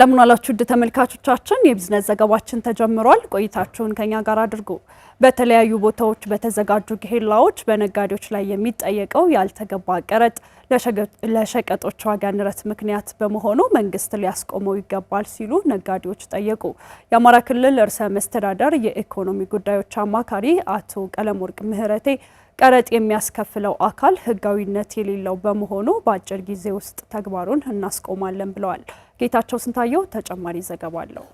እንደምን አላችሁ ውድ ተመልካቾቻችን፣ የቢዝነስ ዘገባችን ተጀምሯል። ቆይታችሁን ከኛ ጋር አድርጉ። በተለያዩ ቦታዎች በተዘጋጁ ኬላዎች በነጋዴዎች ላይ የሚጠየቀው ያልተገባ ቀረጥ ለሸቀጦች ዋጋ ንረት ምክንያት በመሆኑ መንግስት ሊያስቆመው ይገባል ሲሉ ነጋዴዎች ጠየቁ። የአማራ ክልል ርዕሰ መስተዳደር የኢኮኖሚ ጉዳዮች አማካሪ አቶ ቀለመወርቅ ምህረቴ ቀረጥ የሚያስከፍለው አካል ህጋዊነት የሌለው በመሆኑ በአጭር ጊዜ ውስጥ ተግባሩን እናስቆማለን ብለዋል። ጌታቸው ስንታየው ተጨማሪ ዘገባ አለው።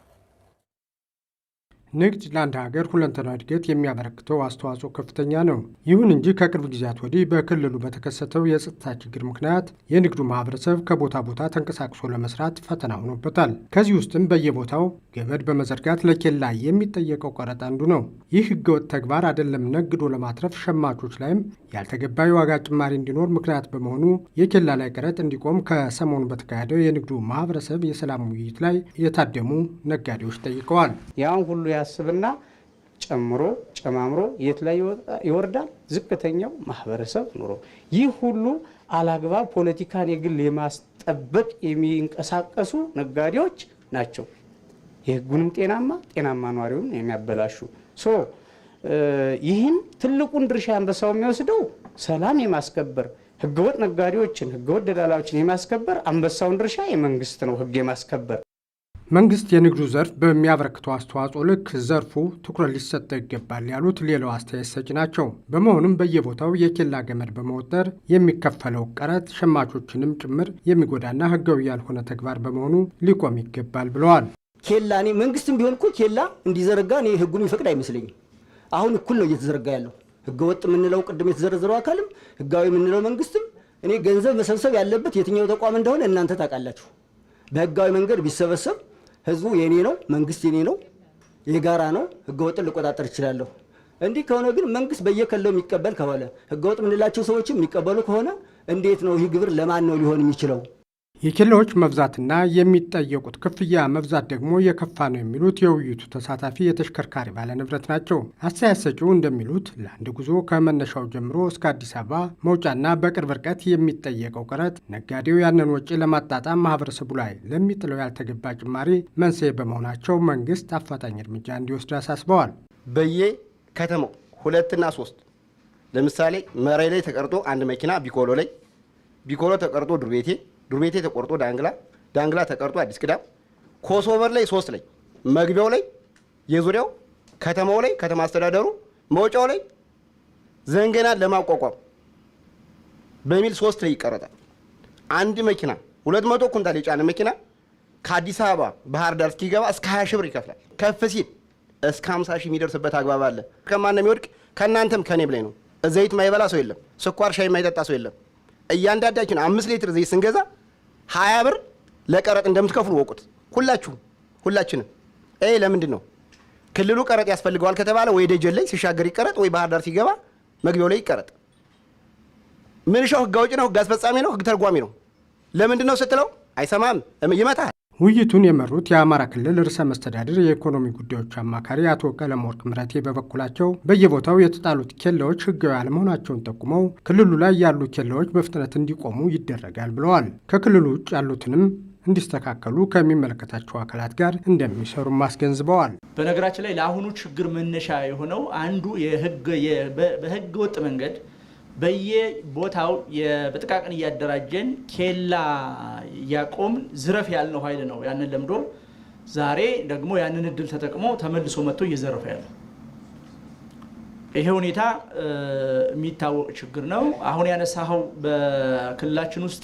ንግድ ለአንድ ሀገር ሁለንተናዊ እድገት የሚያበረክተው አስተዋጽኦ ከፍተኛ ነው። ይሁን እንጂ ከቅርብ ጊዜያት ወዲህ በክልሉ በተከሰተው የጸጥታ ችግር ምክንያት የንግዱ ማህበረሰብ ከቦታ ቦታ ተንቀሳቅሶ ለመስራት ፈተና ሆኖበታል። ከዚህ ውስጥም በየቦታው ገበድ በመዘርጋት ለኬላ የሚጠየቀው ቀረጥ አንዱ ነው። ይህ ህገወጥ ተግባር አይደለም ነግዶ ለማትረፍ ሸማቾች ላይም ያልተገባ የዋጋ ጭማሪ እንዲኖር ምክንያት በመሆኑ የኬላ ላይ ቀረጥ እንዲቆም ከሰሞኑ በተካሄደው የንግዱ ማህበረሰብ የሰላም ውይይት ላይ የታደሙ ነጋዴዎች ጠይቀዋል። ያን ሁሉ ያስብና ጨምሮ ጨማምሮ የት ላይ ይወርዳል? ዝቅተኛው ማህበረሰብ ኑሮ። ይህ ሁሉ አላግባብ ፖለቲካን የግል የማስጠበቅ የሚንቀሳቀሱ ነጋዴዎች ናቸው። የህጉንም ጤናማ ጤናማ ኗሪውን የሚያበላሹ ሶ ይህን ትልቁን ድርሻ አንበሳው የሚወስደው ሰላም የማስከበር ህገወጥ ነጋዴዎችን፣ ህገወጥ ደላላዎችን የማስከበር አንበሳውን ድርሻ የመንግስት ነው። ህግ የማስከበር መንግስት የንግዱ ዘርፍ በሚያበረክተው አስተዋጽኦ ልክ ዘርፉ ትኩረት ሊሰጠው ይገባል ያሉት ሌላው አስተያየት ሰጪ ናቸው። በመሆኑም በየቦታው የኬላ ገመድ በመወጠር የሚከፈለው ቀረጥ ሸማቾችንም ጭምር የሚጎዳና ህጋዊ ያልሆነ ተግባር በመሆኑ ሊቆም ይገባል ብለዋል። ኬላ እኔ መንግስትም ቢሆን እኮ ኬላ እንዲዘረጋ እኔ ህጉን ይፈቅድ አይመስለኝም። አሁን እኩል ነው እየተዘረጋ ያለው ወጥ የምንለው ቅድም የተዘረዘረው አካልም ህጋዊ የምንለው መንግስትም እኔ ገንዘብ መሰብሰብ ያለበት የትኛው ተቋም እንደሆነ እናንተ ታውቃላችሁ። በህጋዊ መንገድ ቢሰበሰብ ህዝቡ የኔ ነው፣ መንግስት የኔ ነው፣ የጋራ ነው፣ ህገወጥን ልቆጣጠር እችላለሁ። እንዲህ ከሆነ ግን መንግስት በየከለው የሚቀበል ከሆነ ህገወጥ የምንላቸው ሰዎችም የሚቀበሉ ከሆነ እንዴት ነው ይህ ግብር ለማን ነው ሊሆን የሚችለው? የኬላዎች መብዛትና የሚጠየቁት ክፍያ መብዛት ደግሞ የከፋ ነው የሚሉት የውይይቱ ተሳታፊ የተሽከርካሪ ባለንብረት ናቸው። አስተያየት ሰጪው እንደሚሉት ለአንድ ጉዞ ከመነሻው ጀምሮ እስከ አዲስ አበባ መውጫና በቅርብ ርቀት የሚጠየቀው ቀረጥ ነጋዴው ያንን ወጪ ለማጣጣም ማህበረሰቡ ላይ ለሚጥለው ያልተገባ ጭማሪ መንስኤ በመሆናቸው መንግስት አፋጣኝ እርምጃ እንዲወስድ አሳስበዋል። በየ ከተማው ሁለትና ሶስት ለምሳሌ መራይ ላይ ተቀርጦ አንድ መኪና ቢኮሎ ላይ ቢኮሎ ተቀርጦ ዱር ቤቴ ዱርቤቴ ተቆርጦ ዳንግላ፣ ዳንግላ ተቀርጦ አዲስ ቅዳም፣ ኮሶቨር ላይ ሶስት ላይ መግቢያው ላይ የዙሪያው ከተማው ላይ ከተማ አስተዳደሩ መውጫው ላይ ዘንገናን ለማቋቋም በሚል ሶስት ላይ ይቀረጣል። አንድ መኪና ሁለት መቶ ኩንታል የጫነ መኪና ከአዲስ አበባ ባህር ዳር እስኪገባ እስከ 20 ሺህ ብር ይከፍላል። ከፍ ሲል እስከ 50 ሺህ የሚደርስበት አግባብ አለ። ከማን የሚወድቅ ከእናንተም ከኔ ላይ ነው። ዘይት ማይበላ ሰው የለም። ስኳር ሻይ ማይጠጣ ሰው የለም። እያንዳንዳችን አምስት ሊትር ዘይት ስንገዛ ሀያ ብር ለቀረጥ እንደምትከፍሉ ወቁት። ሁላችሁም ሁላችንም። ይሄ ለምንድን ነው ክልሉ ቀረጥ ያስፈልገዋል ከተባለ ወይ ደጀን ላይ ሲሻገር ይቀረጥ፣ ወይ ባህር ዳር ሲገባ መግቢያው ላይ ይቀረጥ። ምንሻው ህግ አውጪ ነው፣ ህግ አስፈጻሚ ነው፣ ህግ ተርጓሚ ነው። ለምንድን ነው ስትለው አይሰማም፣ ይመታል። ውይይቱን የመሩት የአማራ ክልል ርዕሰ መስተዳድር የኢኮኖሚ ጉዳዮች አማካሪ አቶ ቀለመወርቅ ምረቴ በበኩላቸው በየቦታው የተጣሉት ኬላዎች ሕጋዊ አለመሆናቸውን ጠቁመው ክልሉ ላይ ያሉ ኬላዎች በፍጥነት እንዲቆሙ ይደረጋል ብለዋል። ከክልሉ ውጭ ያሉትንም እንዲስተካከሉ ከሚመለከታቸው አካላት ጋር እንደሚሰሩም አስገንዝበዋል። በነገራችን ላይ ለአሁኑ ችግር መነሻ የሆነው አንዱ በሕገ ወጥ መንገድ በየቦታው በጥቃቅን እያደራጀን ኬላ እያቆምን ዝረፍ ያልነው ኃይል ነው ያንን ለምዶ ዛሬ ደግሞ ያንን እድል ተጠቅሞ ተመልሶ መጥቶ እየዘረፈ ያለው ይሄ ሁኔታ የሚታወቅ ችግር ነው። አሁን ያነሳኸው በክልላችን ውስጥ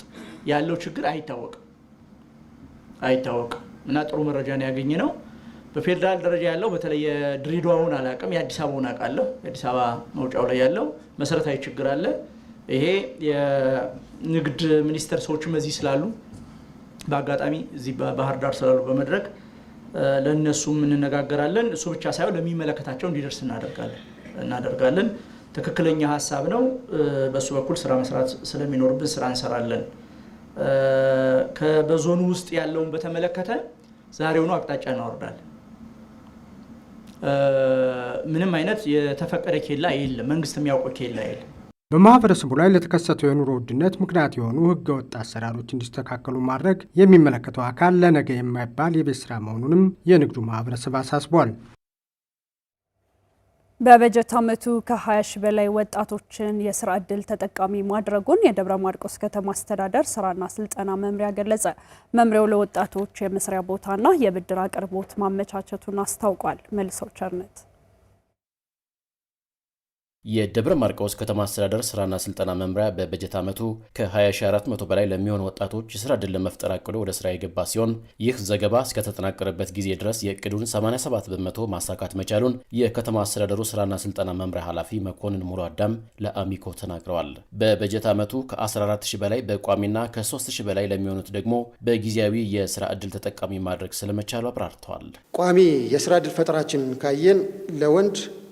ያለው ችግር አይታወቅም አይታወቅም እና ጥሩ መረጃ ነው ያገኘ ነው። በፌዴራል ደረጃ ያለው በተለይ የድሬዳዋውን አላውቅም፣ የአዲስ አበባውን አውቃለሁ። የአዲስ አበባ መውጫው ላይ ያለው መሰረታዊ ችግር አለ። ይሄ የንግድ ሚኒስቴር ሰዎችም እዚህ ስላሉ በአጋጣሚ እዚህ በባህር ዳር ስላሉ በመድረክ ለእነሱም እንነጋገራለን። እሱ ብቻ ሳይሆን ለሚመለከታቸው እንዲደርስ እናደርጋለን። ትክክለኛ ሀሳብ ነው። በእሱ በኩል ስራ መስራት ስለሚኖርብን ስራ እንሰራለን። በዞኑ ውስጥ ያለውን በተመለከተ ዛሬውኑ አቅጣጫ እናወርዳለን። ምንም አይነት የተፈቀደ ኬላ የለም። መንግስት የሚያውቀው ኬላ የለም። በማህበረሰቡ ላይ ለተከሰተው የኑሮ ውድነት ምክንያት የሆኑ ህገወጥ አሰራሮች እንዲስተካከሉ ማድረግ የሚመለከተው አካል ለነገ የማይባል የቤት ስራ መሆኑንም የንግዱ ማህበረሰብ አሳስቧል። በበጀት ዓመቱ ከ20 ሺ በላይ ወጣቶችን የስራ ዕድል ተጠቃሚ ማድረጉን የደብረ ማርቆስ ከተማ አስተዳደር ስራና ስልጠና መምሪያ ገለጸ። መምሪያው ለወጣቶች የመስሪያ ቦታና የብድር አቅርቦት ማመቻቸቱን አስታውቋል። መልሰው ቸርነት የደብረ ማርቆስ ከተማ አስተዳደር ስራና ስልጠና መምሪያ በበጀት ዓመቱ ከ2400 በላይ ለሚሆኑ ወጣቶች የስራ ዕድል ለመፍጠር አቅዶ ወደ ስራ የገባ ሲሆን ይህ ዘገባ እስከተጠናቀረበት ጊዜ ድረስ የእቅዱን 87 በመቶ ማሳካት መቻሉን የከተማ አስተዳደሩ ስራና ስልጠና መምሪያ ኃላፊ መኮንን ሙሉ አዳም ለአሚኮ ተናግረዋል። በበጀት ዓመቱ ከ14000 በላይ በቋሚና ከ3000 በላይ ለሚሆኑት ደግሞ በጊዜያዊ የስራ ዕድል ተጠቃሚ ማድረግ ስለመቻሉ አብራርተዋል። ቋሚ የስራ ዕድል ፈጠራችን ካየን ለወንድ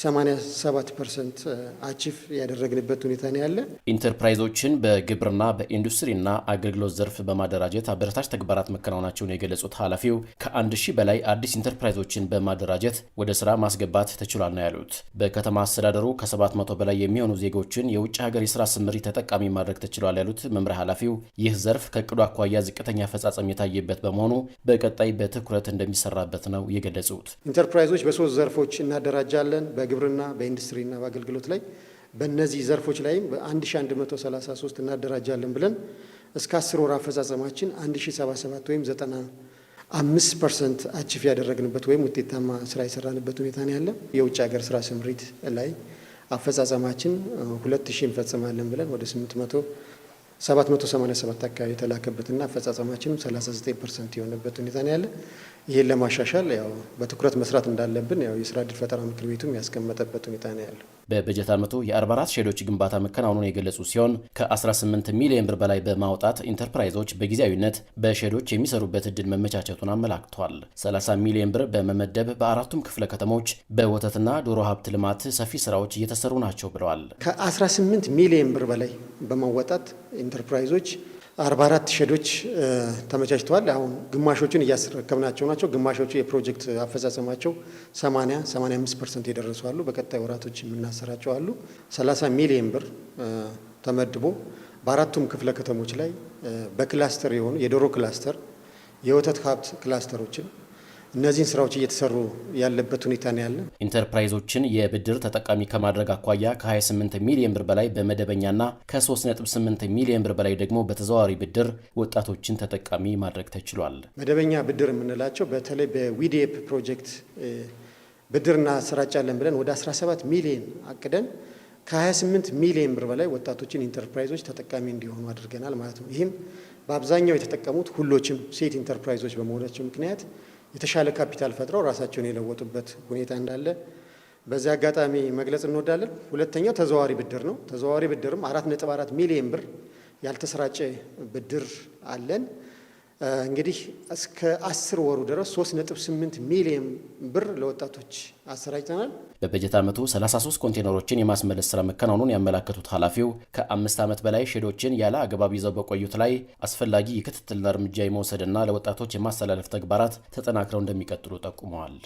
87 ፐርሰንት አቺፍ ያደረግንበት ሁኔታ ነው ያለ። ኢንተርፕራይዞችን በግብርና በኢንዱስትሪና አገልግሎት ዘርፍ በማደራጀት አበረታች ተግባራት መከናወናቸውን የገለጹት ኃላፊው ከአንድ ሺህ በላይ አዲስ ኢንተርፕራይዞችን በማደራጀት ወደ ስራ ማስገባት ተችሏል ነው ያሉት። በከተማ አስተዳደሩ ከ700 በላይ የሚሆኑ ዜጎችን የውጭ ሀገር የስራ ስምሪት ተጠቃሚ ማድረግ ተችሏል ያሉት መምሪያ ኃላፊው ይህ ዘርፍ ከእቅዱ አኳያ ዝቅተኛ አፈጻጸም የታየበት በመሆኑ በቀጣይ በትኩረት እንደሚሰራበት ነው የገለጹት። ኢንተርፕራይዞች በሶስት ዘርፎች እናደራጃለን በግብርና በኢንዱስትሪና በአገልግሎት ላይ በእነዚህ ዘርፎች ላይም በ1133 እናደራጃለን ብለን እስከ አስር ወር አፈጻጸማችን 1077 ወይም 95 ፐርሰንት አችፍ ያደረግንበት ወይም ውጤታማ ስራ የሰራንበት ሁኔታ ነው ያለ። የውጭ ሀገር ስራ ስምሪት ላይ አፈጻጸማችን 2000 እንፈጽማለን ብለን ወደ 800 787 አካባቢ የተላከበትና አፈጻጸማችንም 39 ፐርሰንት የሆነበት ሁኔታ ነው ያለ። ይህን ለማሻሻል ያው በትኩረት መስራት እንዳለብን ያው የስራ ዕድል ፈጠራ ምክር ቤቱም ያስቀመጠበት ሁኔታ ነው ያለው። በበጀት ዓመቱ የ44 ሼዶች ግንባታ መከናወኑን የገለጹ ሲሆን ከ18 ሚሊዮን ብር በላይ በማውጣት ኢንተርፕራይዞች በጊዜያዊነት በሼዶች የሚሰሩበት እድል መመቻቸቱን አመላክቷል። 30 ሚሊዮን ብር በመመደብ በአራቱም ክፍለ ከተሞች በወተትና ዶሮ ሀብት ልማት ሰፊ ስራዎች እየተሰሩ ናቸው ብለዋል። ከ18 ሚሊዮን ብር በላይ በማወጣት ኢንተርፕራይዞች አርባ አራት ሼዶች ተመቻችተዋል። አሁን ግማሾቹን እያስረከብናቸው ናቸው። ግማሾቹ የፕሮጀክት አፈጻጸማቸው 80 85 ፐርሰንት የደረሱ አሉ። በቀጣይ ወራቶች የምናሰራቸው አሉ። 30 ሚሊዮን ብር ተመድቦ በአራቱም ክፍለ ከተሞች ላይ በክላስተር የሆኑ የዶሮ ክላስተር፣ የወተት ሀብት ክላስተሮችን እነዚህን ስራዎች እየተሰሩ ያለበት ሁኔታ ነው ያለ። ኢንተርፕራይዞችን የብድር ተጠቃሚ ከማድረግ አኳያ ከ28 ሚሊዮን ብር በላይ በመደበኛና ከ3.8 ሚሊዮን ብር በላይ ደግሞ በተዘዋዋሪ ብድር ወጣቶችን ተጠቃሚ ማድረግ ተችሏል። መደበኛ ብድር የምንላቸው በተለይ በዊዲኤፕ ፕሮጀክት ብድርና ለን ብለን ወደ 17 ሚሊዮን አቅደን ከ28 ሚሊዮን ብር በላይ ወጣቶችን ኢንተርፕራይዞች ተጠቃሚ እንዲሆኑ አድርገናል ማለት ነው ይህም በአብዛኛው የተጠቀሙት ሁሎችም ሴት ኢንተርፕራይዞች በመሆናቸው ምክንያት የተሻለ ካፒታል ፈጥረው ራሳቸውን የለወጡበት ሁኔታ እንዳለ በዚህ አጋጣሚ መግለጽ እንወዳለን። ሁለተኛው ተዘዋዋሪ ብድር ነው። ተዘዋዋሪ ብድርም አራት ነጥብ አራት ሚሊየን ብር ያልተሰራጨ ብድር አለን። እንግዲህ እስከ አስር ወሩ ድረስ 3.8 ሚሊዮን ብር ለወጣቶች አሰራጭተናል። በበጀት ዓመቱ 33 ኮንቴነሮችን የማስመለስ ስራ መከናወኑን ያመላከቱት ኃላፊው ከአምስት ዓመት በላይ ሼዶችን ያለ አግባብ ይዘው በቆዩት ላይ አስፈላጊ የክትትልና እርምጃ የመውሰድና ለወጣቶች የማስተላለፍ ተግባራት ተጠናክረው እንደሚቀጥሉ ጠቁመዋል።